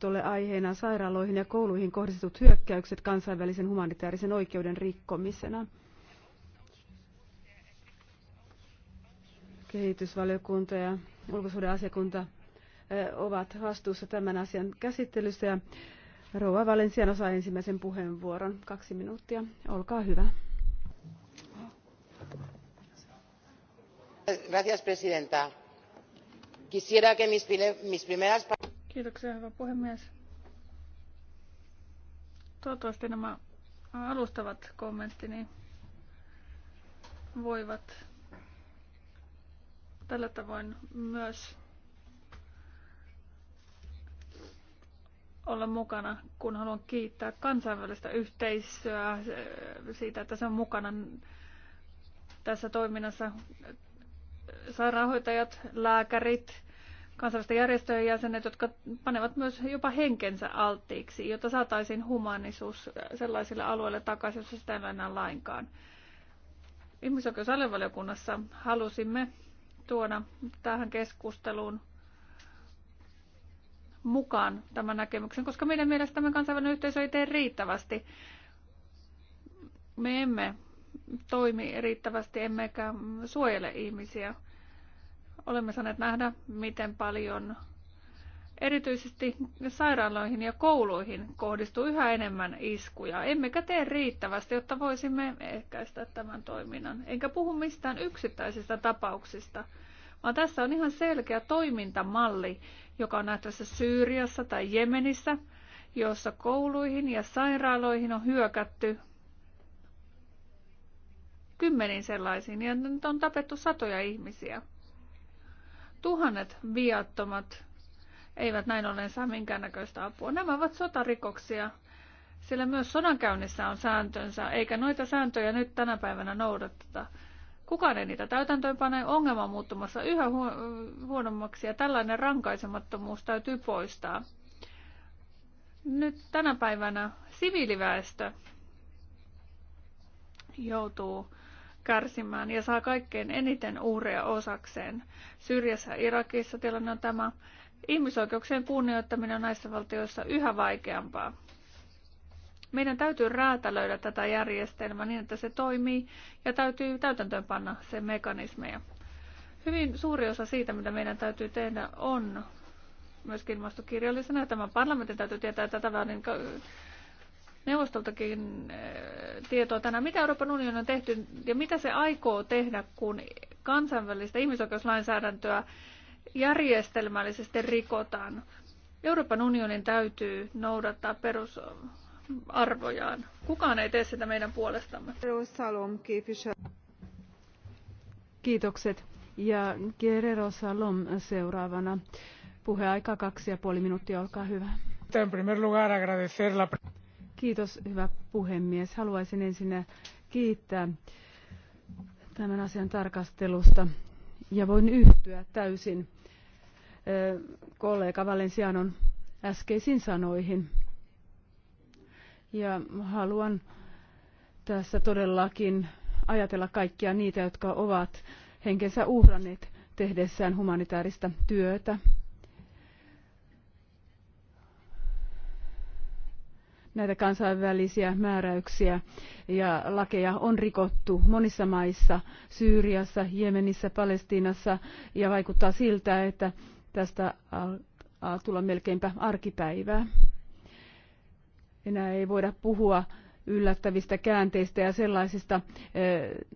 tuolle aiheena sairaaloihin ja kouluihin kohdistetut hyökkäykset kansainvälisen humanitaarisen oikeuden rikkomisena. Kehitysvaliokunta ja ulkosuuden asiakunta ovat vastuussa tämän asian käsittelystä. Ja Rouva Valensian osaa ensimmäisen puheenvuoron. Kaksi minuuttia. Olkaa hyvä. Gracias, presidenta. Quisiera que mis, mis primeras Kiitoksia, hyvä puhemies. Toivottavasti nämä alustavat kommenttini voivat tällä tavoin myös olla mukana, kun haluan kiittää kansainvälistä yhteisöä siitä, että se on mukana tässä toiminnassa. Sairaanhoitajat, lääkärit, kansallisten järjestöjen jäsenet, jotka panevat myös jopa henkensä alttiiksi, jotta saataisiin humanisuus sellaisille alueille takaisin, jossa sitä ei ole enää lainkaan. Ihmisoikeusalivaliokunnassa halusimme tuoda tähän keskusteluun mukaan tämän näkemyksen, koska meidän mielestämme kansainvälinen yhteisö ei tee riittävästi. Me emme toimi riittävästi, emmekä suojele ihmisiä Olemme saaneet nähdä, miten paljon erityisesti sairaaloihin ja kouluihin kohdistuu yhä enemmän iskuja, emmekä tee riittävästi, jotta voisimme ehkäistä tämän toiminnan. Enkä puhu mistään yksittäisistä tapauksista, vaan tässä on ihan selkeä toimintamalli, joka on nähtävissä Syyriassa tai Jemenissä, jossa kouluihin ja sairaaloihin on hyökätty kymmeniin sellaisiin ja nyt on tapettu satoja ihmisiä. Tuhannet viattomat eivät näin ollen saa minkäännäköistä apua. Nämä ovat sotarikoksia, sillä myös sodankäynnissä on sääntönsä, eikä noita sääntöjä nyt tänä päivänä noudateta. Kukaan ei niitä täytäntöönpane, ongelma muuttumassa yhä huonommaksi ja tällainen rankaisemattomuus täytyy poistaa. Nyt tänä päivänä siviiliväestö joutuu kärsimään ja saa kaikkein eniten uhreja osakseen. Syrjässä Irakissa tilanne on tämä. Ihmisoikeuksien kunnioittaminen on näissä valtioissa yhä vaikeampaa. Meidän täytyy räätälöidä tätä järjestelmää niin, että se toimii ja täytyy täytäntöönpanna se mekanismeja. Hyvin suuri osa siitä, mitä meidän täytyy tehdä, on myöskin ilmastokirjallisena. Tämän parlamentin täytyy tietää, että tämä neuvostoltakin eh, tietoa tänään, mitä Euroopan unioni on tehty ja mitä se aikoo tehdä, kun kansainvälistä ihmisoikeuslainsäädäntöä järjestelmällisesti rikotaan. Euroopan unionin täytyy noudattaa perusarvojaan. Kukaan ei tee sitä meidän puolestamme. Kiitokset. Ja Gerero Salom seuraavana. Puheaika kaksi ja puoli minuuttia, olkaa hyvä. En primer lugar agradecer la Kiitos, hyvä puhemies. Haluaisin ensinnä kiittää tämän asian tarkastelusta ja voin yhtyä täysin kollega Valensianon äskeisiin sanoihin. Ja haluan tässä todellakin ajatella kaikkia niitä, jotka ovat henkensä uhranneet tehdessään humanitaarista työtä näitä kansainvälisiä määräyksiä ja lakeja on rikottu monissa maissa, Syyriassa, Jemenissä, Palestiinassa ja vaikuttaa siltä, että tästä tulla melkeinpä arkipäivää. Enää ei voida puhua yllättävistä käänteistä ja sellaisista eh,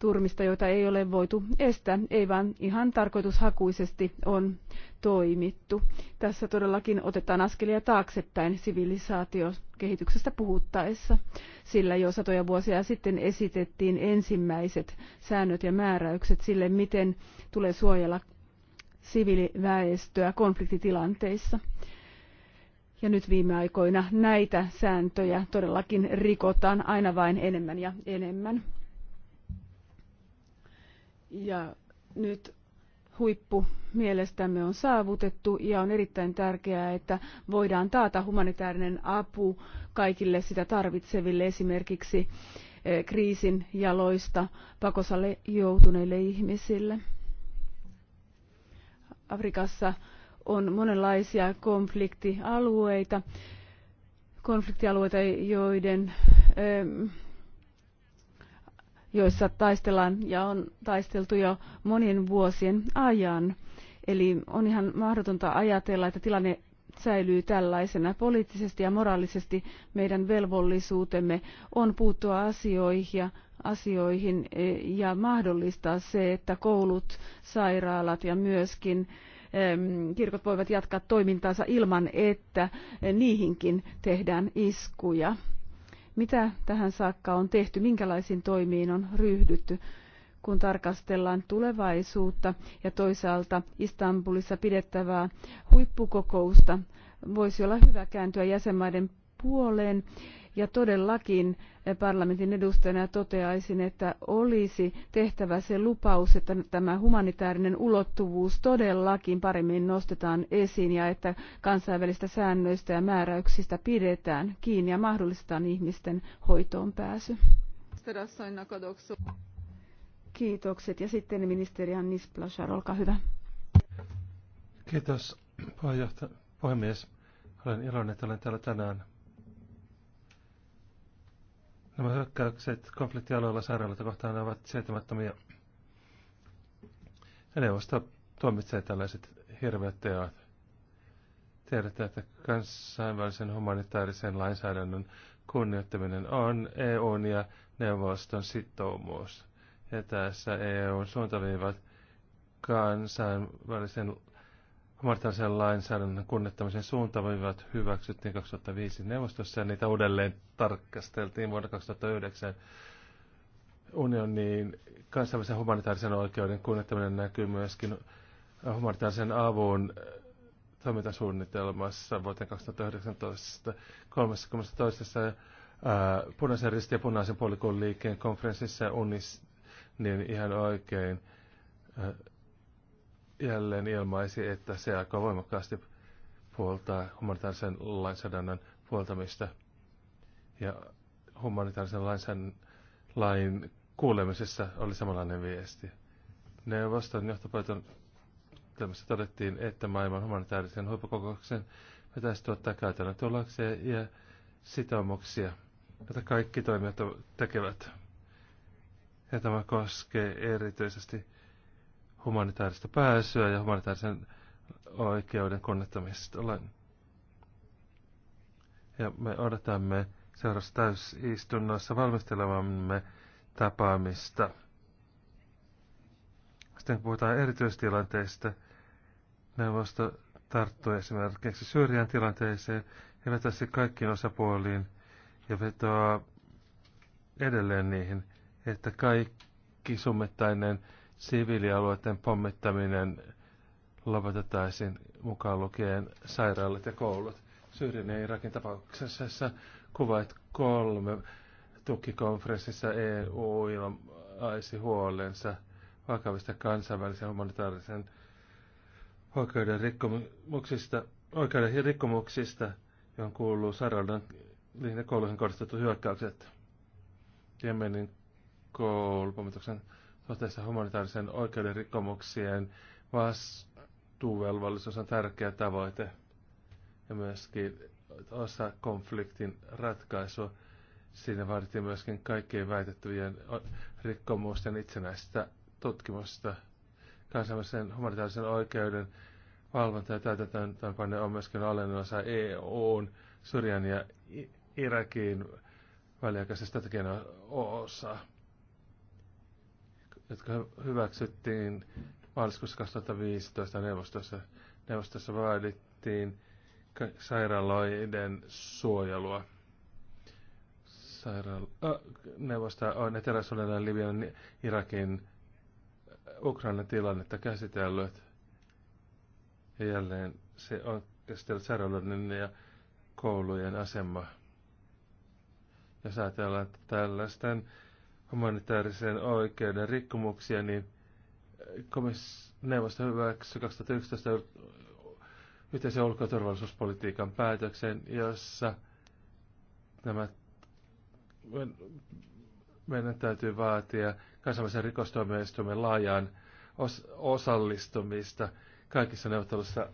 turmista, joita ei ole voitu estää, ei vaan ihan tarkoitushakuisesti on toimittu. Tässä todellakin otetaan askelia taaksepäin sivilisaatiokehityksestä puhuttaessa, sillä jo satoja vuosia sitten esitettiin ensimmäiset säännöt ja määräykset sille, miten tulee suojella siviiliväestöä konfliktitilanteissa. Ja nyt viime aikoina näitä sääntöjä todellakin rikotaan aina vain enemmän ja enemmän ja nyt huippu mielestämme on saavutettu ja on erittäin tärkeää, että voidaan taata humanitaarinen apu kaikille sitä tarvitseville esimerkiksi eh, kriisin jaloista pakosalle joutuneille ihmisille. Afrikassa on monenlaisia konfliktialueita, konfliktialueita, joiden joissa taistellaan ja on taisteltu jo monien vuosien ajan. Eli on ihan mahdotonta ajatella, että tilanne säilyy tällaisena. Poliittisesti ja moraalisesti meidän velvollisuutemme on puuttua asioihin ja, asioihin e, ja mahdollistaa se, että koulut, sairaalat ja myöskin kirkot voivat jatkaa toimintaansa ilman, että niihinkin tehdään iskuja. Mitä tähän saakka on tehty, minkälaisiin toimiin on ryhdytty, kun tarkastellaan tulevaisuutta ja toisaalta Istanbulissa pidettävää huippukokousta? Voisi olla hyvä kääntyä jäsenmaiden puoleen ja todellakin eh, parlamentin edustajana toteaisin, että olisi tehtävä se lupaus, että tämä humanitaarinen ulottuvuus todellakin paremmin nostetaan esiin ja että kansainvälistä säännöistä ja määräyksistä pidetään kiinni ja mahdollistetaan ihmisten hoitoon pääsy. Kiitokset. Ja sitten ministeri Annis Plashar, olkaa hyvä. Kiitos puhemies. Olen iloinen, että olen täällä tänään Nämä hyökkäykset konfliktialueella sairaaloita kohtaan ovat sietämättömiä. Ja neuvosto tuomitsee tällaiset hirveät teot. Tiedetään, että kansainvälisen humanitaarisen lainsäädännön kunnioittaminen on EUn ja neuvoston sitoumus. Ja tässä EUn suuntaviivat kansainvälisen Humanitaarisen lainsäädännön kunnettamisen suuntaviivat hyväksyttiin 2005 neuvostossa ja niitä uudelleen tarkasteltiin vuonna 2009 unionin kansainvälisen humanitaarisen oikeuden kunnettaminen näkyy myöskin humanitaarisen avun toimintasuunnitelmassa vuoteen 2019 32. punaisen ristin ja punaisen puolikon liikkeen konferenssissa UNIS, niin ihan oikein ää, jälleen ilmaisi, että se aika voimakkaasti puoltaa humanitaarisen lainsäädännön puoltamista. Ja humanitaarisen lainsäädännön lain kuulemisessa oli samanlainen viesti. Neuvoston johtopäätelmässä todettiin, että maailman humanitaarisen huippukokouksen pitäisi tuottaa käytännön tuloksia ja sitoumuksia, joita kaikki toimijat tekevät. Ja tämä koskee erityisesti humanitaarista pääsyä ja humanitaarisen oikeuden kunnettamista. Olen ja me odotamme seuraavassa täysistunnossa valmistelemamme tapaamista. Sitten kun puhutaan erityistilanteista, neuvosto tarttuu esimerkiksi syrjään tilanteeseen ja vetää se kaikkiin osapuoliin ja vetoaa edelleen niihin, että kaikki summittainen siviilialueiden pommittaminen lopetettaisiin mukaan lukien sairaalat ja koulut. Syyrian ja Irakin tapauksessa kuvat kolme tukikonferenssissa EU ilmaisi huolensa vakavista kansainvälisen humanitaarisen oikeuden rikkomuksista, oikeuden rikkomuksista, johon kuuluu sairaalan ja kouluihin kohdistetut hyökkäykset. Jemenin koulupomituksen suhteessa humanitaarisen oikeuden rikkomuksien vastuuvelvollisuus on tärkeä tavoite ja myöskin osa konfliktin ratkaisua. Siinä vaadittiin myöskin kaikkien väitettyjen rikkomusten itsenäistä tutkimusta. Kansainvälisen humanitaarisen oikeuden valvonta ja täytäntöönpanne on myöskin alennut osa EUn, Syrian ja Irakin väliaikaisen strategian osaa jotka hyväksyttiin maaliskuussa 2015 neuvostossa. Neuvostossa vaadittiin sairaaloiden suojelua. Sairaal- äh, neuvosta on etelä Libian, Irakin, Ukrainan tilannetta käsitellyt. Ja jälleen se on käsitellyt sairaaloiden ja koulujen asemaa. Jos ajatellaan tällaisten humanitaarisen oikeuden rikkomuksia, niin äh, neuvosto hyväksyi 2011 yhteisen ulko- ja turvallisuuspolitiikan päätöksen, jossa nämä meidän täytyy vaatia kansainvälisen rikostuomioistuimen laajaan os- osallistumista kaikissa neuvottelussa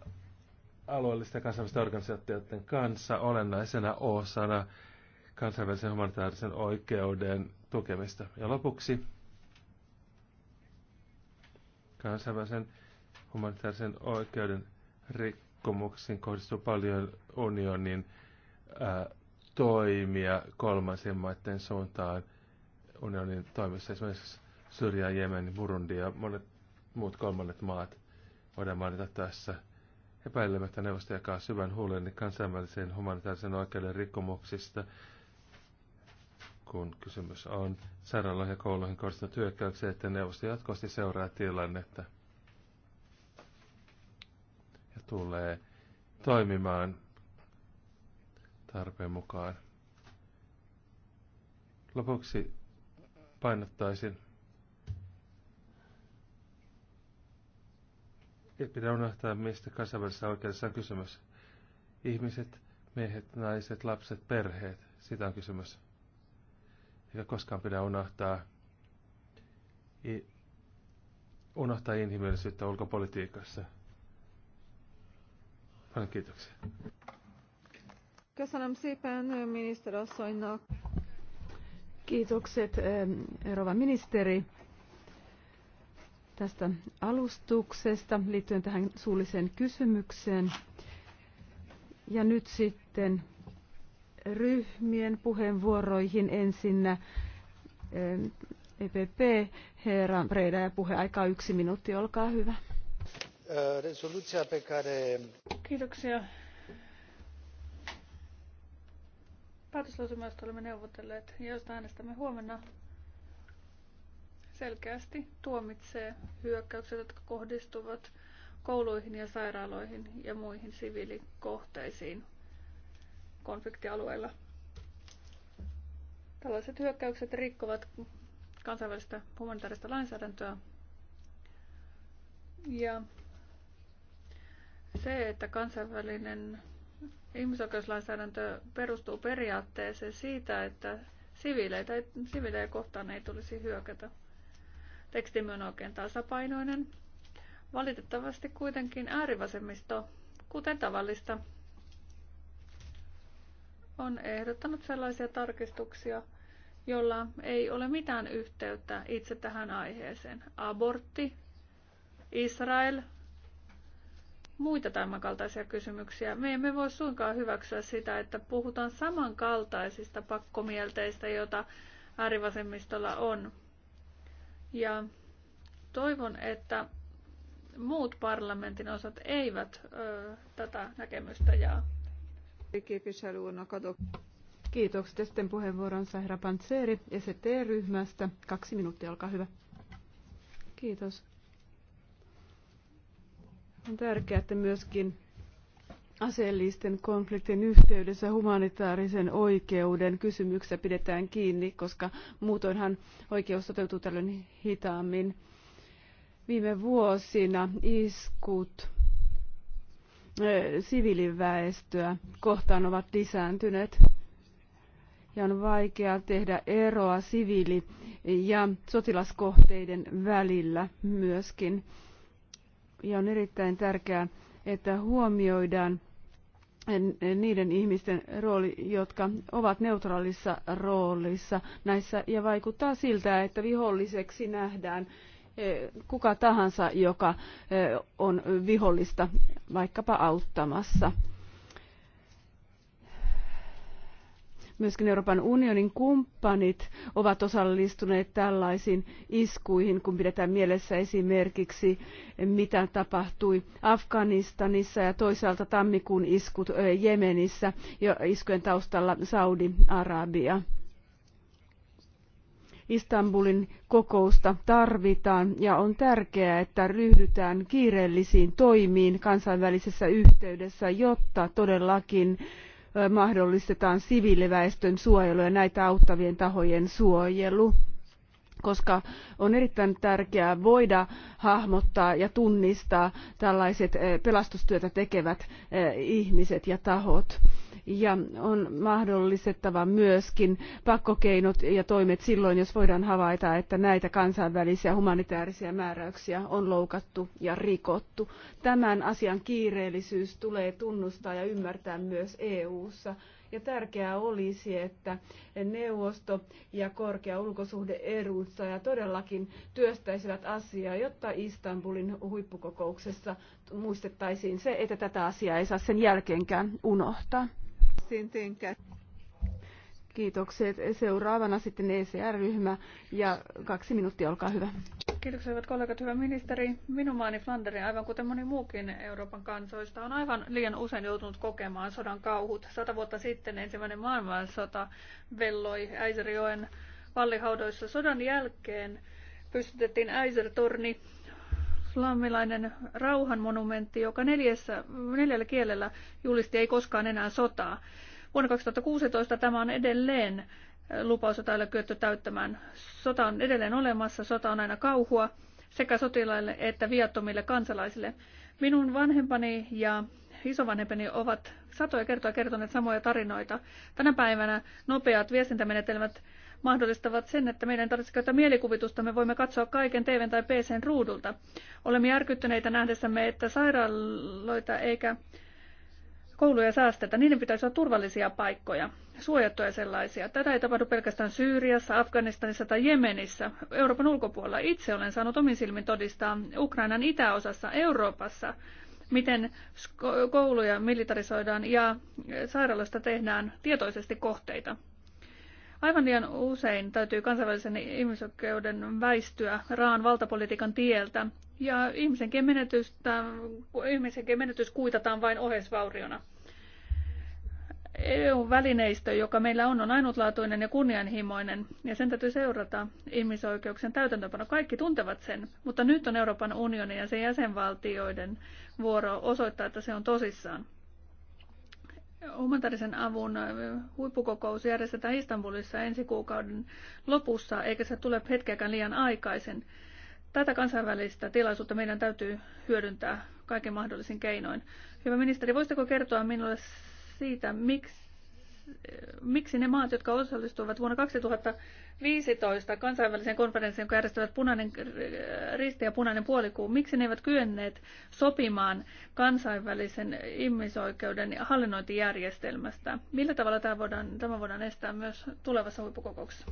alueellisten kansainvälisten organisaatioiden kanssa olennaisena osana kansainvälisen humanitaarisen oikeuden tukemista. Ja lopuksi kansainvälisen humanitaarisen oikeuden rikkomuksiin kohdistuu paljon unionin ää, toimia kolmansien maiden suuntaan unionin toimissa, esimerkiksi Syrjä, Jemen, Burundi ja monet muut kolmannet maat voidaan mainita tässä. Epäilemättä neuvosto jakaa syvän huolen kansainvälisen humanitaarisen oikeuden rikkomuksista kun kysymys on sairaaloihin ja kouluihin kohdistunut hyökkäyksiä, että neuvosto jatkuvasti seuraa tilannetta ja tulee toimimaan tarpeen mukaan. Lopuksi painottaisin, ei pidä unohtaa, mistä kansainvälisessä oikeudessa on kysymys. Ihmiset, miehet, naiset, lapset, perheet, sitä on kysymys eikä koskaan pidä unohtaa, unohtaa inhimillisyyttä ulkopolitiikassa. Paljon kiitoksia. Köszönöm szépen miniszterasszonynak. Kiitokset rova ministeri tästä alustuksesta liittyen tähän suulliseen kysymykseen. Ja nyt sitten ryhmien puheenvuoroihin ensinnä. EPP, eh, e herra Breda ja puheaika yksi minuutti, olkaa hyvä. Eh, Kiitoksia. Päätöslausumaista olemme neuvotelleet ja josta äänestämme huomenna selkeästi tuomitsee hyökkäykset, jotka kohdistuvat kouluihin ja sairaaloihin ja muihin siviilikohteisiin konfliktialueilla. Tällaiset hyökkäykset rikkovat kansainvälistä humanitaarista lainsäädäntöä. Ja se, että kansainvälinen ihmisoikeuslainsäädäntö perustuu periaatteeseen siitä, että siviileitä, siviilejä kohtaan ei tulisi hyökätä. Tekstimme on oikein tasapainoinen. Valitettavasti kuitenkin äärivasemmisto, kuten tavallista, on ehdottanut sellaisia tarkistuksia, jolla ei ole mitään yhteyttä itse tähän aiheeseen. Abortti, Israel, muita tämänkaltaisia kysymyksiä. Me emme voi suinkaan hyväksyä sitä, että puhutaan samankaltaisista pakkomielteistä, joita äärivasemmistolla on. Ja toivon, että muut parlamentin osat eivät ö, tätä näkemystä jaa. Kiitokset. Kiitos. sitten puheenvuoron Sahra Pantseri ST-ryhmästä. Kaksi minuuttia, olkaa hyvä. Kiitos. On tärkeää, että myöskin aseellisten konfliktien yhteydessä humanitaarisen oikeuden kysymyksessä pidetään kiinni, koska muutoinhan oikeus toteutuu tällöin hitaammin. Viime vuosina iskut siviiliväestöä kohtaan ovat lisääntyneet. Ja on vaikea tehdä eroa siviili- ja sotilaskohteiden välillä myöskin. Ja on erittäin tärkeää, että huomioidaan niiden ihmisten rooli, jotka ovat neutraalissa roolissa näissä, ja vaikuttaa siltä, että viholliseksi nähdään kuka tahansa, joka on vihollista vaikkapa auttamassa. Myöskin Euroopan unionin kumppanit ovat osallistuneet tällaisiin iskuihin, kun pidetään mielessä esimerkiksi, mitä tapahtui Afganistanissa ja toisaalta tammikuun iskut Jemenissä ja iskujen taustalla Saudi-Arabia Istanbulin kokousta tarvitaan ja on tärkeää, että ryhdytään kiireellisiin toimiin kansainvälisessä yhteydessä, jotta todellakin mahdollistetaan siviiliväestön suojelu ja näitä auttavien tahojen suojelu koska on erittäin tärkeää voida hahmottaa ja tunnistaa tällaiset pelastustyötä tekevät ihmiset ja tahot ja on mahdollistettava myöskin pakkokeinot ja toimet silloin, jos voidaan havaita, että näitä kansainvälisiä humanitaarisia määräyksiä on loukattu ja rikottu. Tämän asian kiireellisyys tulee tunnustaa ja ymmärtää myös EU:ssa ja tärkeää olisi, että neuvosto ja korkea ja todellakin työstäisivät asiaa, jotta Istanbulin huippukokouksessa muistettaisiin se, että tätä asiaa ei saa sen jälkeenkään unohtaa szintén Kiitokset. Seuraavana sitten ECR-ryhmä ja kaksi minuuttia, olkaa hyvä. Kiitoksia hyvät kollegat, hyvä ministeri. Minun maani Flanderin, aivan kuten moni muukin Euroopan kansoista, on aivan liian usein joutunut kokemaan sodan kauhut. Sata vuotta sitten ensimmäinen maailmansota velloi Äiserjoen vallihaudoissa. Sodan jälkeen pystytettiin Äisertorni, islamilainen rauhanmonumentti, joka neljässä, neljällä kielellä julisti ei koskaan enää sotaa. Vuonna 2016 tämä on edelleen lupaus, jota ei ole kyetty täyttämään. Sota on edelleen olemassa, sota on aina kauhua sekä sotilaille että viattomille kansalaisille. Minun vanhempani ja isovanhempani ovat satoja kertoja kertoneet samoja tarinoita. Tänä päivänä nopeat viestintämenetelmät mahdollistavat sen, että meidän tarvitsee käyttää mielikuvitusta. Me voimme katsoa kaiken TV- tai PCn ruudulta. Olemme järkyttyneitä nähdessämme, että sairaaloita eikä kouluja säästetä. Niiden pitäisi olla turvallisia paikkoja, suojattuja sellaisia. Tätä ei tapahdu pelkästään Syyriassa, Afganistanissa tai Jemenissä. Euroopan ulkopuolella itse olen saanut omin silmin todistaa Ukrainan itäosassa Euroopassa, miten kouluja militarisoidaan ja sairaalasta tehdään tietoisesti kohteita. Aivan liian usein täytyy kansainvälisen ihmisoikeuden väistyä raan valtapolitiikan tieltä ja ihmisenkin, menetystä, ihmisenkin menetys kuitataan vain oheisvauriona. EU-välineistö, joka meillä on, on ainutlaatuinen ja kunnianhimoinen, ja sen täytyy seurata ihmisoikeuksien täytäntöpano. Kaikki tuntevat sen, mutta nyt on Euroopan unionin ja sen jäsenvaltioiden vuoro osoittaa, että se on tosissaan humanitaarisen avun huippukokous järjestetään Istanbulissa ensi kuukauden lopussa, eikä se tule hetkeäkään liian aikaisen. Tätä kansainvälistä tilaisuutta meidän täytyy hyödyntää kaiken mahdollisin keinoin. Hyvä ministeri, voisitteko kertoa minulle siitä, miksi miksi ne maat, jotka osallistuivat vuonna 2015 kansainväliseen konferenssiin, jonka järjestävät punainen risti ja punainen puolikuu, miksi ne eivät kyenneet sopimaan kansainvälisen ihmisoikeuden hallinnointijärjestelmästä? Millä tavalla tämä voidaan, tämä voidaan estää myös tulevassa huippukokouksessa?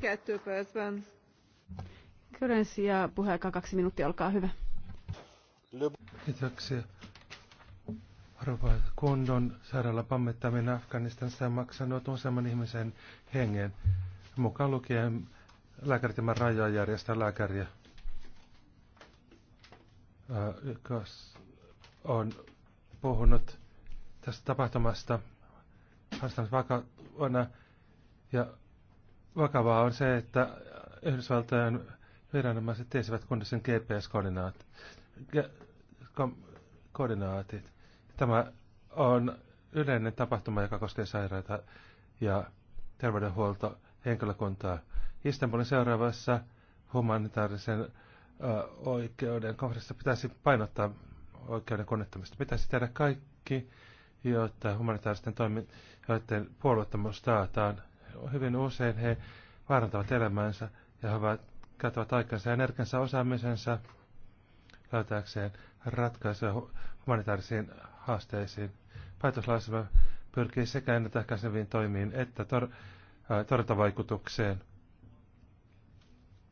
Kyrens ja puheenjohtaja kaksi minuuttia, olkaa hyvä. Kiitoksia. Rova Kondon sairaala pammettaminen Afganistanissa on maksanut useamman ihmisen hengen, mukaan lukien lääkärit rajaa järjestää lääkäriä, joka on puhunut tästä tapahtumasta vastannut vakavana. Ja vakavaa on se, että Yhdysvaltojen viranomaiset tiesivät kunnes sen GPS-koordinaatit Tämä on yleinen tapahtuma, joka koskee sairaita ja henkilökuntaa. Istanbulin seuraavassa humanitaarisen oikeuden kohdassa pitäisi painottaa oikeuden konnettamista. Pitäisi tehdä kaikki, jotta humanitaaristen toimijoiden puolueettomuus taataan. Hyvin usein he vaarantavat elämänsä ja he ovat, käyttävät aikansa ja energiansa osaamisensa löytääkseen ratkaisuja humanitaarisiin haasteisiin. päätöslauselma pyrkii sekä ennaltaehkäiseviin toimiin että tor- torjuntavaikutukseen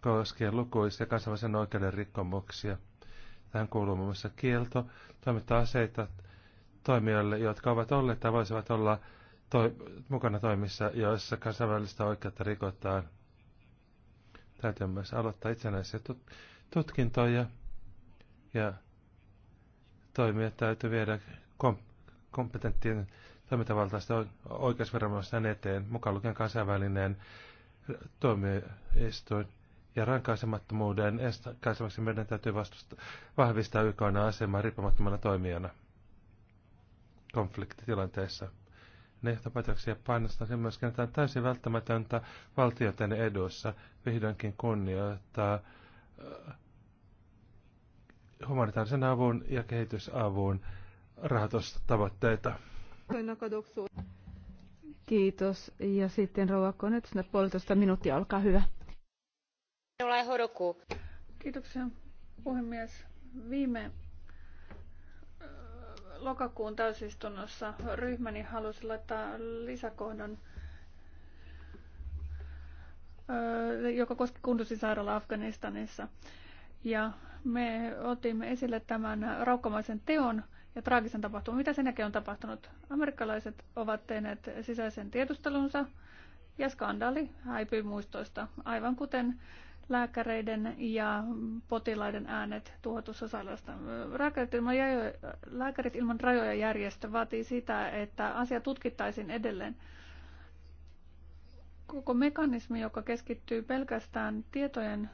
koskien lukuisia kansainvälisen oikeuden rikkomuksia. Tähän kuuluu muun muassa kielto toimittaa aseita toimijoille, jotka ovat olleet tai voisivat olla toi, mukana toimissa, joissa kansainvälistä oikeutta rikotaan. Täytyy myös aloittaa itsenäisiä tut- tutkintoja ja toimia täytyy viedä kom- kompetenttien toimintavaltaista oikeusviranomaisten eteen, mukaan lukien kansainvälinen tuomioistuin ja rankaisemattomuuden estämiseksi meidän täytyy vastusta, vahvistaa YK asemaa riippumattomana toimijana konfliktitilanteessa. Ne johtopäätöksiä sen myöskin, että on täysin välttämätöntä valtioiden eduissa vihdoinkin kunnioittaa humanitaarisen avun ja kehitysavun rahoitustavoitteita. Kiitos. Ja sitten Rouva sinne puolitoista minuuttia, olkaa hyvä. Kiitoksia puhemies. Viime lokakuun täysistunnossa ryhmäni halusi laittaa lisäkohdan, joka koski kundusisairaala Afganistanissa. Ja me otimme esille tämän raukkamaisen teon ja traagisen tapahtuman. Mitä sen jälkeen on tapahtunut? Amerikkalaiset ovat tehneet sisäisen tiedustelunsa ja skandaali häipyi muistoista, aivan kuten lääkäreiden ja potilaiden äänet tuotussa sairaalasta. Lääkärit ilman, rajoja, lääkärit ilman rajoja järjestö vaatii sitä, että asia tutkittaisiin edelleen. Koko mekanismi, joka keskittyy pelkästään tietojen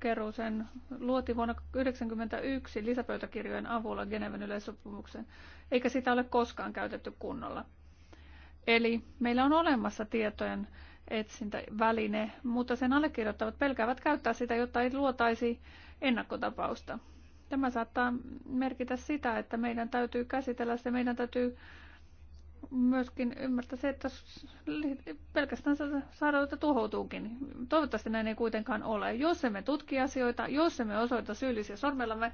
Keruusen luoti vuonna 1991 lisäpöytäkirjojen avulla Geneven yleissopimuksen, eikä sitä ole koskaan käytetty kunnolla. Eli meillä on olemassa tietojen etsintäväline, mutta sen allekirjoittavat pelkäävät käyttää sitä, jotta ei luotaisi ennakkotapausta. Tämä saattaa merkitä sitä, että meidän täytyy käsitellä se, meidän täytyy myöskin ymmärtää se, että pelkästään sairaaloita tuhoutuukin. Toivottavasti näin ei kuitenkaan ole. Jos emme tutki asioita, jos emme osoita syyllisiä sormellamme,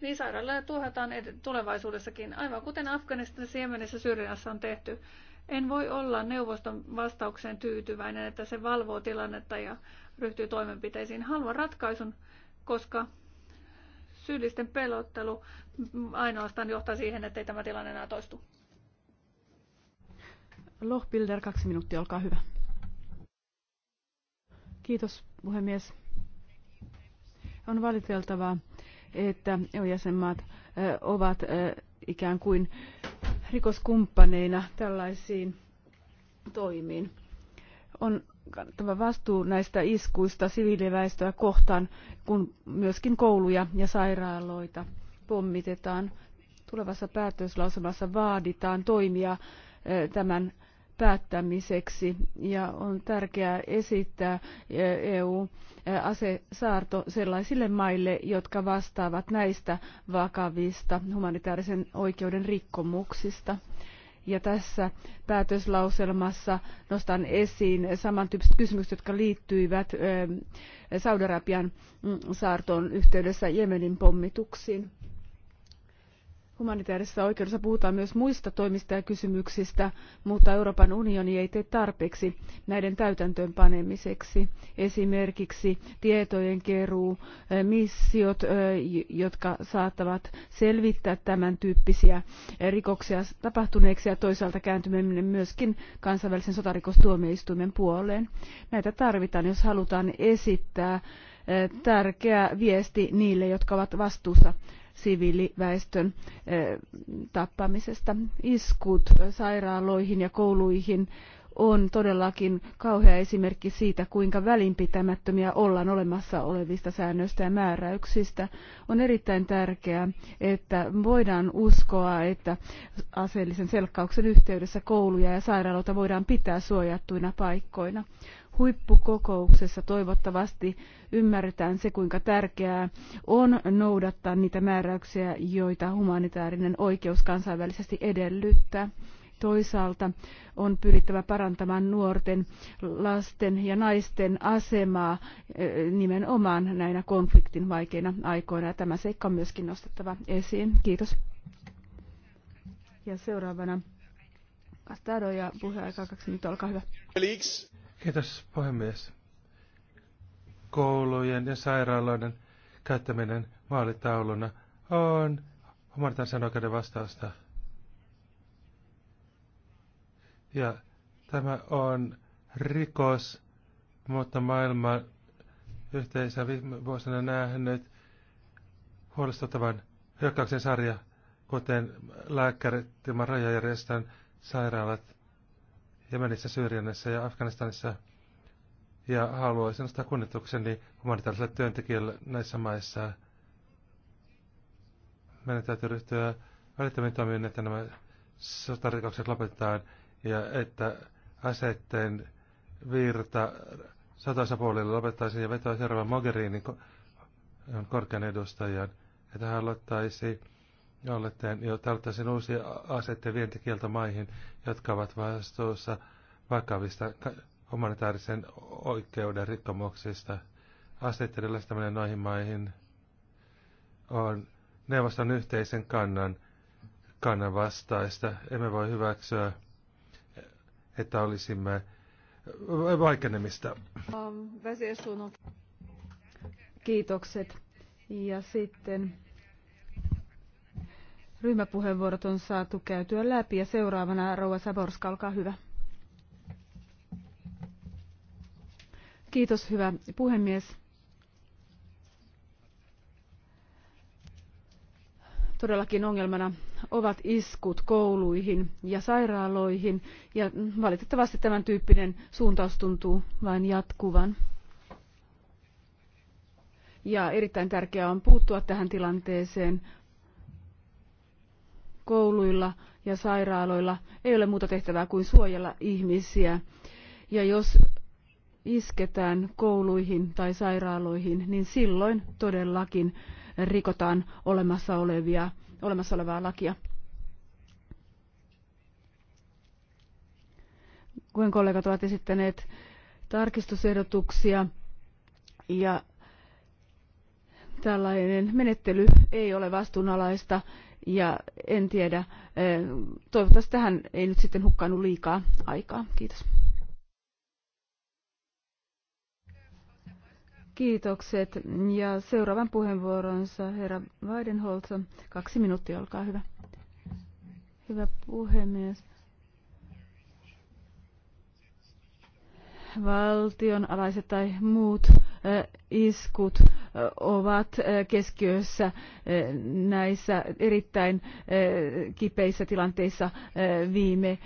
niin sairaaloja tuhotaan tulevaisuudessakin, aivan kuten Afganistan Siemenissä, Syyriassa on tehty. En voi olla neuvoston vastaukseen tyytyväinen, että se valvoo tilannetta ja ryhtyy toimenpiteisiin. Haluan ratkaisun, koska syyllisten pelottelu ainoastaan johtaa siihen, että ei tämä tilanne enää toistu. Lohbilder, kaksi minuuttia, olkaa hyvä. Kiitos, puhemies. On valiteltavaa, että EU-jäsenmaat ovat ikään kuin rikoskumppaneina tällaisiin toimiin. On kannettava vastuu näistä iskuista siviiliväestöä kohtaan, kun myöskin kouluja ja sairaaloita pommitetaan. Tulevassa päätöslausumassa vaaditaan toimia tämän päättämiseksi ja on tärkeää esittää EU-asesaarto sellaisille maille, jotka vastaavat näistä vakavista humanitaarisen oikeuden rikkomuksista ja tässä päätöslauselmassa nostan esiin samantyyppiset kysymykset jotka liittyivät saudi arabian mm, saartoon yhteydessä jemenin pommituksiin. Humanitaarisessa oikeudessa puhutaan myös muista toimista ja kysymyksistä, mutta Euroopan unioni ei tee tarpeeksi näiden täytäntöönpanemiseksi, Esimerkiksi tietojen keruu, eh, missiot, eh, jotka saattavat selvittää tämän tyyppisiä eh, rikoksia tapahtuneeksi ja toisaalta kääntyminen myöskin kansainvälisen sotarikostuomioistuimen puoleen. Näitä tarvitaan, jos halutaan esittää tärkeä viesti niille, jotka ovat vastuussa siviiliväestön eh, tappamisesta. Iskut sairaaloihin ja kouluihin on todellakin kauhea esimerkki siitä, kuinka välinpitämättömiä ollaan olemassa olevista säännöistä ja määräyksistä. On erittäin tärkeää, että voidaan uskoa, että aseellisen selkkauksen yhteydessä kouluja ja sairaaloita voidaan pitää suojattuina paikkoina. Huippukokouksessa toivottavasti ymmärretään se, kuinka tärkeää on noudattaa niitä määräyksiä, joita humanitaarinen oikeus kansainvälisesti edellyttää. Toisaalta on pyrittävä parantamaan nuorten, lasten ja naisten asemaa eh, nimenomaan näinä konfliktin vaikeina aikoina. Ja tämä seikka on myöskin nostettava esiin. Kiitos. Ja seuraavana Kastado ja puheaika kaksi minuuttia, olkaa hyvä. Kiitos puhemies. Koulujen ja sairaaloiden käyttäminen maalitauluna on humanitaarisen oikeuden vastausta. Ja tämä on rikos, mutta maailma yhteensä viime vuosina nähnyt huolestuttavan hyökkäyksen sarja, kuten lääkärit, ja rajajärjestön sairaalat Jemenissä, Syyriannessa ja Afganistanissa. Ja haluaisin nostaa kunnitukseni humanitaariselle työntekijälle näissä maissa. Meidän täytyy ryhtyä välittömiin toimiin, että nämä sotarikokset lopetetaan ja että asetteen virta sataisa puolelle lopettaisi ja vetoa seuraavan Mogherinin korkean edustajan, että hän aloittaisi jolleteen jo tältäisiin uusia asetteen vientikieltä maihin, jotka ovat vastuussa vakavista humanitaarisen oikeuden rikkomuksista. Aseiden lähtäminen noihin maihin on neuvoston yhteisen kannan, kannan vastaista. Emme voi hyväksyä että olisimme äh, vaikenemista. Ähm, Kiitokset. Ja sitten ryhmäpuheenvuorot on saatu käytyä läpi ja seuraavana Rouva Saborska, olkaa hyvä. Kiitos, hyvä puhemies. Todellakin ongelmana ovat iskut kouluihin ja sairaaloihin ja valitettavasti tämän tyyppinen suuntaus tuntuu vain jatkuvan. Ja erittäin tärkeää on puuttua tähän tilanteeseen. Kouluilla ja sairaaloilla ei ole muuta tehtävää kuin suojella ihmisiä. Ja jos isketään kouluihin tai sairaaloihin, niin silloin todellakin rikotaan olemassa olevia olemassa olevaa lakia. Kuin kollegat ovat esittäneet tarkistusehdotuksia ja tällainen menettely ei ole vastuunalaista ja en tiedä, eh, toivottavasti tähän ei nyt sitten hukkaannu liikaa aikaa. Kiitos. Kiitokset. Ja seuraavan puheenvuoronsa herra Weidenholz. Kaksi minuuttia, olkaa hyvä. Hyvä puhemies. alaiset tai muut iskut ovat keskiössä näissä erittäin kipeissä tilanteissa viime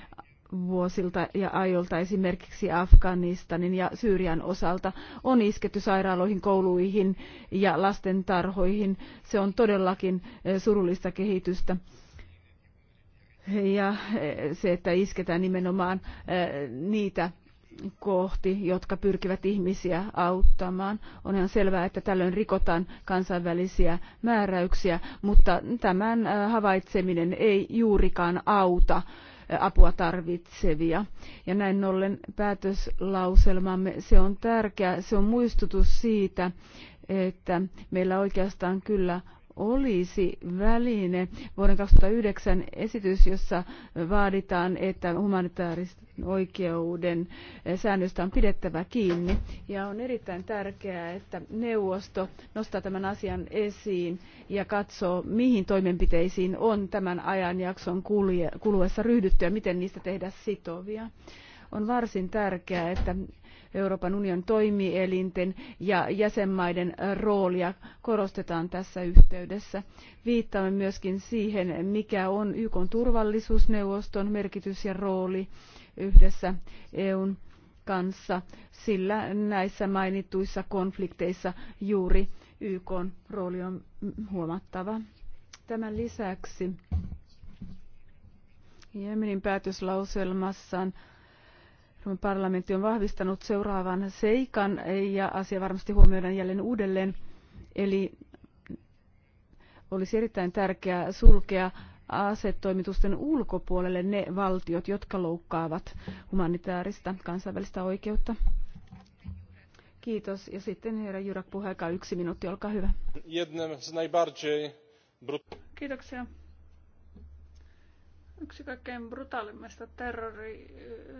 vuosilta ja ajoilta esimerkiksi Afganistanin ja Syyrian osalta on isketty sairaaloihin, kouluihin ja lastentarhoihin. Se on todellakin e, surullista kehitystä. Ja e, se, että isketään nimenomaan e, niitä kohti, jotka pyrkivät ihmisiä auttamaan. On ihan selvää, että tällöin rikotaan kansainvälisiä määräyksiä, mutta tämän havaitseminen ei juurikaan auta apua tarvitsevia. Ja näin ollen päätöslauselmamme, se on tärkeä, se on muistutus siitä, että meillä oikeastaan kyllä olisi väline vuoden 2009 esitys, jossa vaaditaan, että humanitaarisen oikeuden säännöstä on pidettävä kiinni. Ja on erittäin tärkeää, että neuvosto nostaa tämän asian esiin ja katsoo, mihin toimenpiteisiin on tämän ajanjakson kuluessa ryhdytty ja miten niistä tehdä sitovia. On varsin tärkeää, että Euroopan unionin toimielinten ja jäsenmaiden roolia korostetaan tässä yhteydessä. Viittaamme myöskin siihen, mikä on YK turvallisuusneuvoston merkitys ja rooli yhdessä EUn kanssa, sillä näissä mainituissa konflikteissa juuri YK rooli on huomattava. Tämän lisäksi Jemenin päätöslauselmassaan Euroopan parlamentti on vahvistanut seuraavan seikan ja asia varmasti huomioidaan jälleen uudelleen. Eli olisi erittäin tärkeää sulkea asetoimitusten ulkopuolelle ne valtiot, jotka loukkaavat humanitaarista kansainvälistä oikeutta. Kiitos. Ja sitten herra Jurak puheenjohtaja, yksi minuutti, olkaa hyvä. Kiitoksia. Yksi kaikkein brutaalimmista terrori,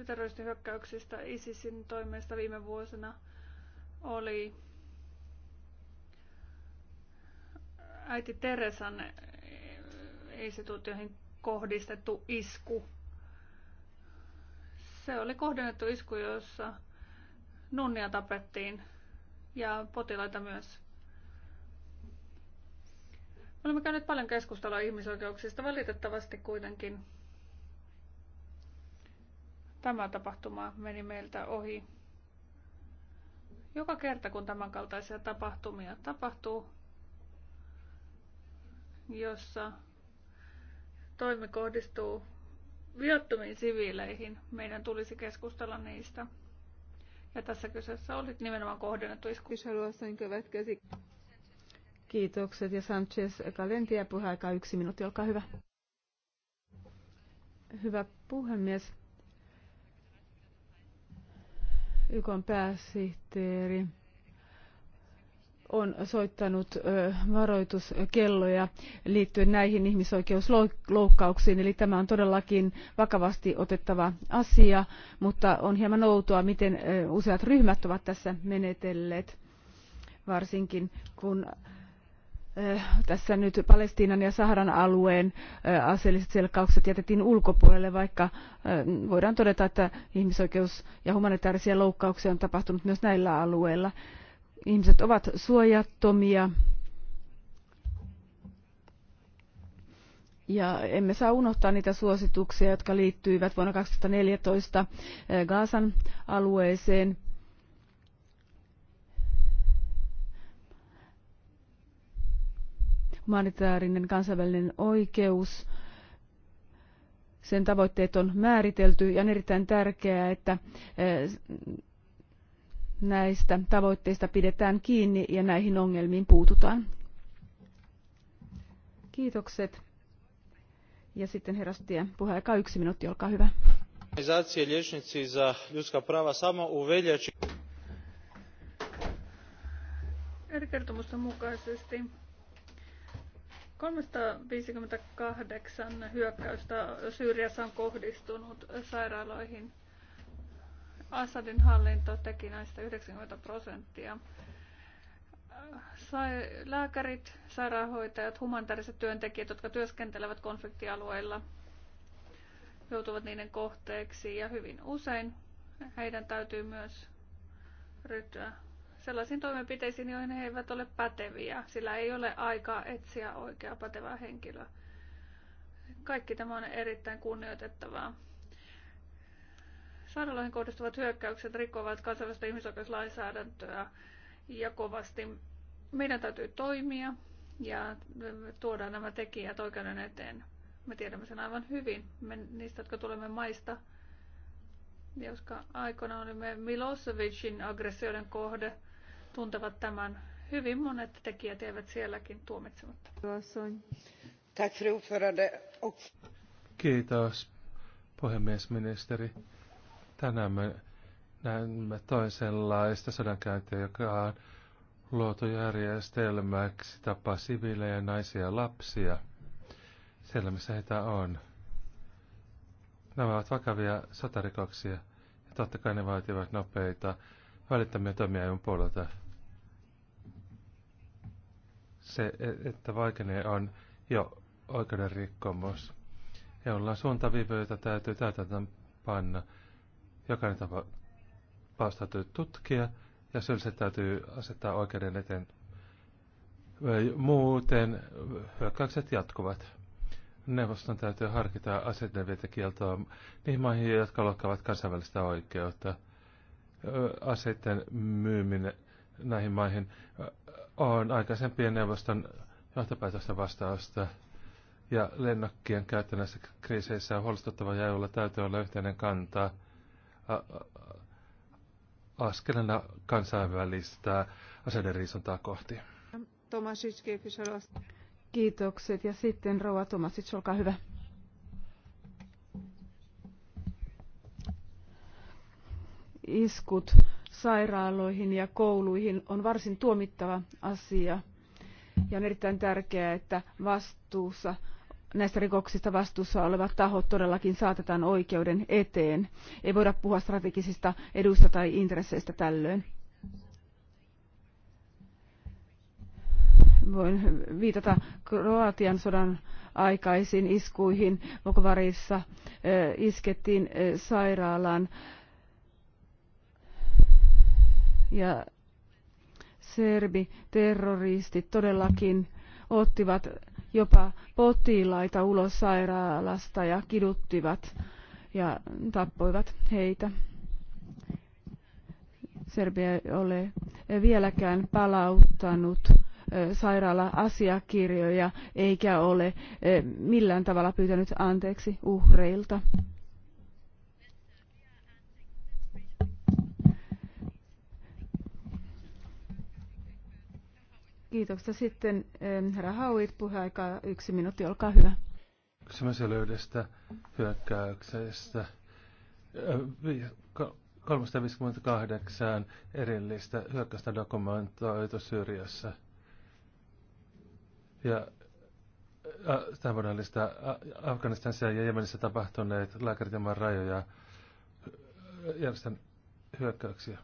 terroristihyökkäyksistä ISISin toimesta viime vuosina oli äiti Teresan instituutioihin kohdistettu isku. Se oli kohdennettu isku, jossa nunnia tapettiin ja potilaita myös. Olemme käyneet paljon keskustelua ihmisoikeuksista, valitettavasti kuitenkin tämä tapahtuma meni meiltä ohi. Joka kerta kun tämänkaltaisia tapahtumia tapahtuu, jossa toimi kohdistuu viattomiin siviileihin, meidän tulisi keskustella niistä. Ja tässä kyseessä oli nimenomaan kohdennettu isku. Kiitokset ja Sanchez Kalentia puheaikaa yksi minuutti, olkaa hyvä. Hyvä puhemies. YKn pääsihteeri on soittanut varoituskelloja liittyen näihin ihmisoikeusloukkauksiin eli tämä on todellakin vakavasti otettava asia mutta on hieman outoa miten useat ryhmät ovat tässä menetelleet varsinkin kun Äh, tässä nyt Palestiinan ja Saharan alueen äh, aseelliset selkkaukset jätettiin ulkopuolelle, vaikka äh, voidaan todeta, että ihmisoikeus- ja humanitaarisia loukkauksia on tapahtunut myös näillä alueilla. Ihmiset ovat suojattomia ja emme saa unohtaa niitä suosituksia, jotka liittyivät vuonna 2014 Gaasan alueeseen – humanitaarinen kansainvälinen oikeus, sen tavoitteet on määritelty ja on erittäin tärkeää, että eh, näistä tavoitteista pidetään kiinni ja näihin ongelmiin puututaan. Kiitokset. Ja sitten herrastie puheaika yksi minuutti, olkaa hyvä. Eri kertomusten mukaisesti 358 hyökkäystä Syyriassa on kohdistunut sairaaloihin. Assadin hallinto teki näistä 90 prosenttia. Sai, lääkärit, sairaanhoitajat, humanitaariset työntekijät, jotka työskentelevät konfliktialueilla, joutuvat niiden kohteeksi ja hyvin usein heidän täytyy myös ryhtyä sellaisiin toimenpiteisiin, joihin he eivät ole päteviä, sillä ei ole aikaa etsiä oikeaa pätevää henkilöä. Kaikki tämä on erittäin kunnioitettavaa. Sairaaloihin kohdistuvat hyökkäykset rikkovat kansainvälistä ihmisoikeuslainsäädäntöä ja kovasti. Meidän täytyy toimia ja tuoda nämä tekijät oikeuden eteen. Me tiedämme sen aivan hyvin, me, niistä, jotka tulemme maista, koska aikana olimme Milosevicin aggressioiden kohde – tuntevat tämän. Hyvin monet tekijät eivät sielläkin tuomitsematta. Kiitos, puhemiesministeri. Tänään me näemme toisenlaista sodankäyntiä, joka on luotu järjestelmäksi tapa siviilejä, naisia ja lapsia. Siellä, missä heitä on. Nämä ovat vakavia sotarikoksia ja totta kai ne vaativat nopeita välittömiä toimia EUn puolelta se, että vaikenee on jo oikeuden rikkomus, Ja ollaan suuntaviivoja täytyy täytäntöön panna. Jokainen tapa tapaus tutkia ja se täytyy asettaa oikeuden eteen. Muuten hyökkäykset jatkuvat. Neuvoston täytyy harkita aseiden vietekieltoa niihin maihin, jotka loukkaavat kansainvälistä oikeutta. Aseiden myyminen näihin maihin on aikaisempien neuvoston johtopäätösten vastausta. Ja lennokkien käyttö näissä kriiseissä on huolestuttava ja jolla täytyy olla yhteinen kantaa askelena kansainvälistä aseiden riisontaa kohti. Kiitokset. Ja sitten Rouva Tomasic, olkaa hyvä. Iskut sairaaloihin ja kouluihin on varsin tuomittava asia. Ja on erittäin tärkeää, että vastuussa näistä rikoksista vastuussa olevat tahot todellakin saatetaan oikeuden eteen. Ei voida puhua strategisista eduista tai intresseistä tällöin. Voin viitata Kroatian sodan aikaisiin iskuihin. Vuokovarissa eh, iskettiin eh, sairaalaan ja serbiterroristit todellakin ottivat jopa potilaita ulos sairaalasta ja kiduttivat ja tappoivat heitä. Serbia ei ole vieläkään palauttanut sairaala-asiakirjoja eikä ole millään tavalla pyytänyt anteeksi uhreilta. Kiitoksia. Sitten eh, herra Hauit, puheaika yksi minuutti, olkaa hyvä. Kysymys löydestä hyökkäyksestä. 358 eh, erillistä hyökkäystä dokumentoitu Syyriassa. Ja eh, tämä voidaan listaa Afganistanissa ja Jemenissä tapahtuneet lääkärit ja rajoja järjestän hyökkäyksiä.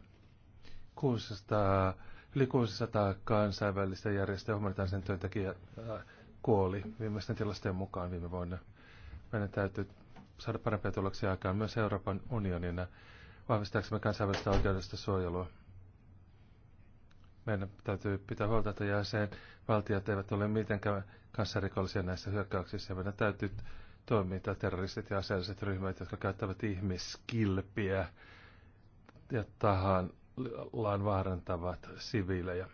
600 Yli 600 kansainvälistä järjestöä humanitaarisen työntekijä äh, kuoli viimeisten tilastojen mukaan viime vuonna. Meidän täytyy saada parempia tuloksia aikaan myös Euroopan unionina vahvistaaksemme kansainvälistä oikeudesta suojelua. Meidän täytyy pitää huolta, että jäsenvaltiot eivät ole mitenkään kanssarikollisia näissä hyökkäyksissä. Meidän täytyy toimia terroristit ja aseelliset ryhmät, jotka käyttävät ihmiskilpiä ja tahan lain vaarantavat siviilejä.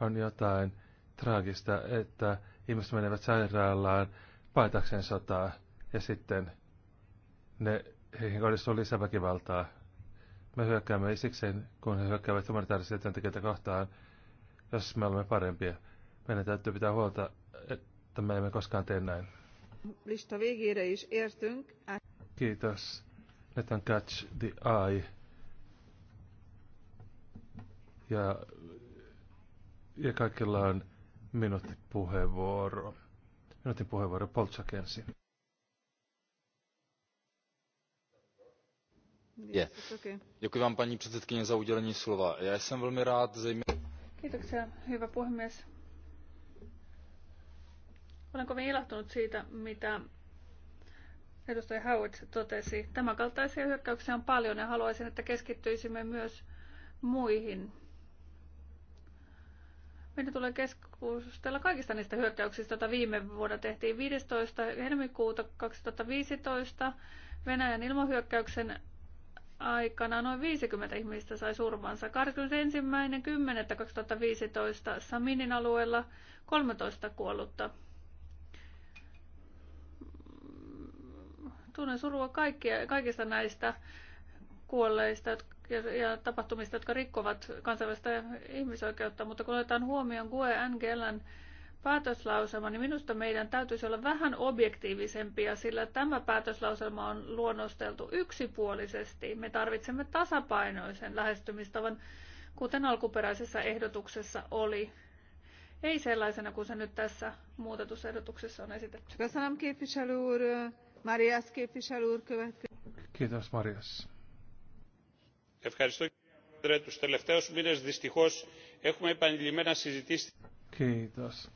On jotain traagista, että ihmiset menevät sairaalaan paitakseen sotaa ja sitten ne, heihin kohdistuu lisäväkivaltaa. Me hyökkäämme isikseen, kun he hyökkäävät humanitaarisia työntekijöitä kohtaan, jos me olemme parempia. Meidän täytyy pitää huolta, että me emme koskaan tee näin. Kiitos. Nyt on Catch the Eye ja, ja kaikilla on minuutin puheenvuoro. Minuutin puheenvuoro Polchak ensin. Je. Děkuji vám, paní předsedkyně, za udělení slova. Já jsem velmi rád zejména... Kiitoksia, hyvä puhemies. Olen kovin ilahtunut siitä, mitä edustaja Howard totesi. Tämänkaltaisia kaltaisia hyökkäyksiä on paljon ja haluaisin, että keskittyisimme myös muihin meidän tulee keskustella kaikista niistä hyökkäyksistä, joita viime vuonna tehtiin 15. helmikuuta 2015. Venäjän ilmahyökkäyksen aikana noin 50 ihmistä sai surmansa. 21.10.2015 Saminin alueella 13 kuollutta. Tunnen surua kaikkia, kaikista näistä kuolleista, jotka ja, ja tapahtumista, jotka rikkovat kansainvälistä ihmisoikeutta, mutta kun otetaan huomioon GUE NGLn päätöslauselma, niin minusta meidän täytyisi olla vähän objektiivisempia, sillä tämä päätöslauselma on luonnosteltu yksipuolisesti. Me tarvitsemme tasapainoisen lähestymistavan, kuten alkuperäisessä ehdotuksessa oli. Ei sellaisena kuin se nyt tässä muutetussa ehdotuksessa on esitetty. Kiitos Marias. Τους τελευταίους μήνες δυστυχώς έχουμε επανειλημμένα συζητήσει... Kiitos.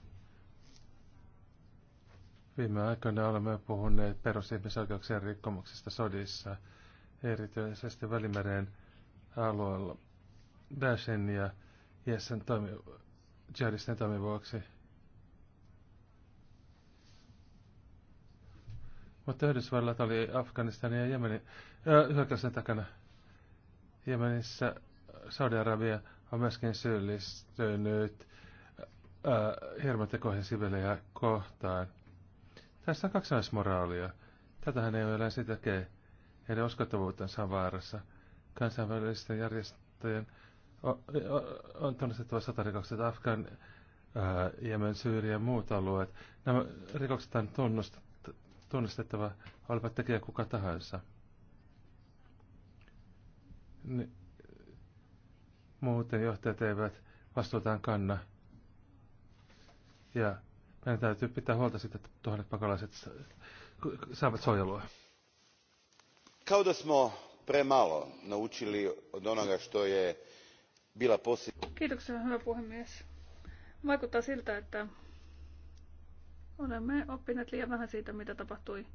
Viime aikoina olemme puhuneet perusihmisoikeuksien rikkomuksista sodissa, erityisesti Välimeren alueella Dashin ja Jessen toimi, jihadisten toimivuoksi. Mutta Yhdysvallat oli Afganistanin ja Jemenin hyökkäysten takana. Jemenissä Saudi-Arabia on myöskin syyllistynyt hirmatekoihin sivelejä kohtaan. Tässä on kaksinaismoraalia. Tätähän ei ole yleensä tekee. Heidän uskottavuutensa on vaarassa. Kansainvälisten järjestöjen on, on, on tunnistettava sotarikokset Afgan, Jemen, Syyriä ja muut alueet. Nämä rikokset on tunnustettava, olivat tekijä kuka tahansa niin muuten johtajat eivät vastuutaan kanna. Ja meidän täytyy pitää huolta siitä, että tuhannet pakolaiset saavat suojelua. Kao da smo premalo naučili od onoga što je bila posljednja... Kiitoksia, hyvä puhemies. Vaikuttaa siltä, että olemme oppineet liian vähän siitä, mitä tapahtui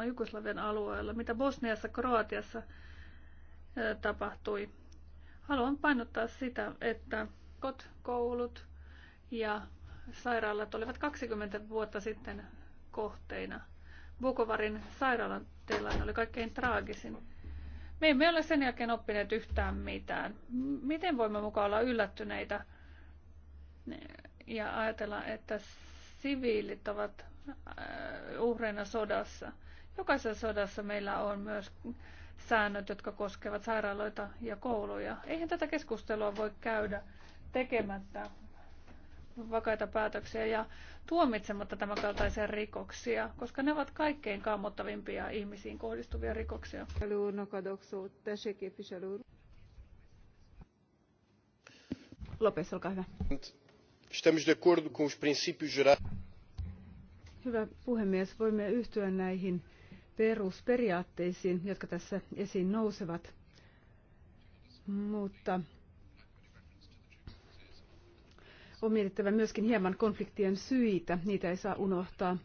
tapahtuma Jugoslavian alueella, mitä Bosniassa, Kroatiassa tapahtui. Haluan painottaa sitä, että kot, koulut ja sairaalat olivat 20 vuotta sitten kohteina. Bukovarin sairaalan tilanne oli kaikkein traagisin. Me emme ole sen jälkeen oppineet yhtään mitään. Miten voimme mukaan olla yllättyneitä ja ajatella, että siviilit ovat uhreina sodassa? Jokaisessa sodassa meillä on myös säännöt, jotka koskevat sairaaloita ja kouluja. Eihän tätä keskustelua voi käydä tekemättä vakaita päätöksiä ja tuomitsematta kaltaisia rikoksia, koska ne ovat kaikkein kammottavimpia ihmisiin kohdistuvia rikoksia. Lopes, olkaa hyvä. Estamos de acordo com os princípios gerais. Hyvä puhemies, voimme yhtyä näihin perusperiaatteisiin, jotka tässä esiin nousevat. Mutta on mietittävä myöskin hieman konfliktien syitä. Niitä ei saa unohtaa.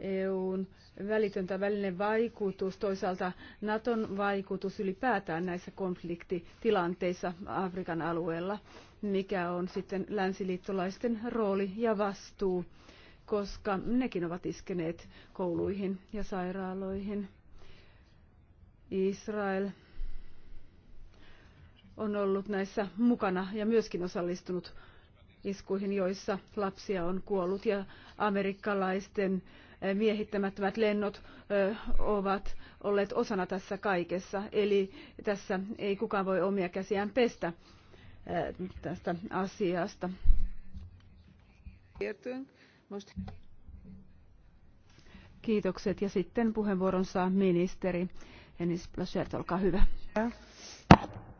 EUn välitöntä välinen vaikutus, toisaalta Naton vaikutus ylipäätään näissä konfliktitilanteissa Afrikan alueella, mikä on sitten länsiliittolaisten rooli ja vastuu koska nekin ovat iskeneet kouluihin ja sairaaloihin. Israel on ollut näissä mukana ja myöskin osallistunut iskuihin, joissa lapsia on kuollut ja amerikkalaisten eh, miehittämättömät lennot eh, ovat olleet osana tässä kaikessa. Eli tässä ei kukaan voi omia käsiään pestä eh, tästä asiasta. Kiitokset ja sitten puheenvuoron saa ministeri Ennis Blaschert, olkaa hyvä.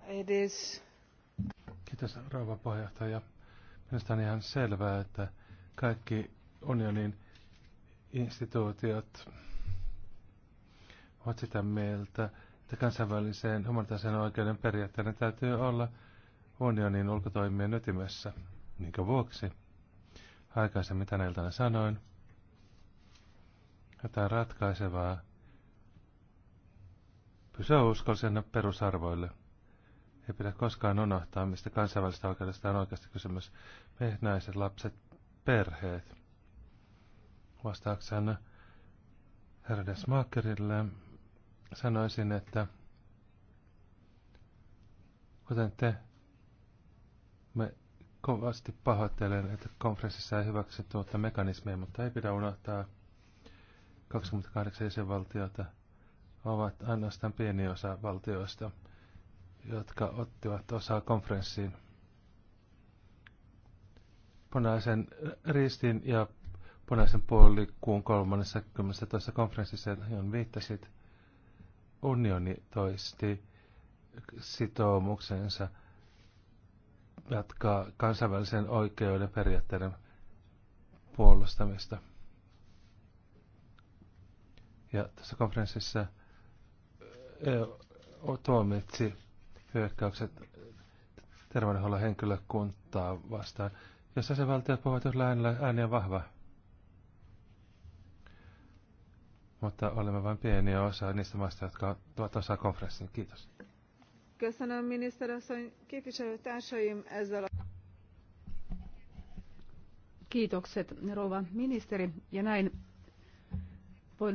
It is. Kiitos rouva puheenjohtaja. Minusta on ihan selvää, että kaikki unionin instituutiot ovat sitä mieltä, että kansainväliseen humanitaarisen oikeuden periaatteena täytyy olla unionin ulkotoimien ytimessä. Minkä vuoksi aikaisemmin tänä iltana sanoin. Jotain ratkaisevaa. Pysyä uskollisena perusarvoille. Ei pidä koskaan unohtaa, mistä kansainvälistä oikeudesta on oikeasti kysymys. Me, naiset, lapset, perheet. Vastaaksena herra Desmakerille sanoisin, että kuten te, me kovasti pahoittelen, että konferenssissa ei hyväksy tuota mekanismia, mutta ei pidä unohtaa 28 jäsenvaltiota ovat ainoastaan pieni osa valtioista, jotka ottivat osaa konferenssiin. Punaisen ristin ja punaisen puolikuun 30. tuossa konferenssissa, johon viittasit, unioni toisti sitoumuksensa – jatkaa kansainvälisen oikeuden periaatteiden puolustamista. Ja tässä konferenssissa EU tuomitsi hyökkäykset terveydenhuollon henkilökuntaa vastaan, Jos se valtio puhuvat yhdellä ääni on vahva. Mutta olemme vain pieniä osa niistä maista, jotka ovat osa konferenssin. Kiitos. Köszönöm, miniszter asszony. Képviselőtársaim, ezzel a... Kiitokset, rouva ministeri. Ja näin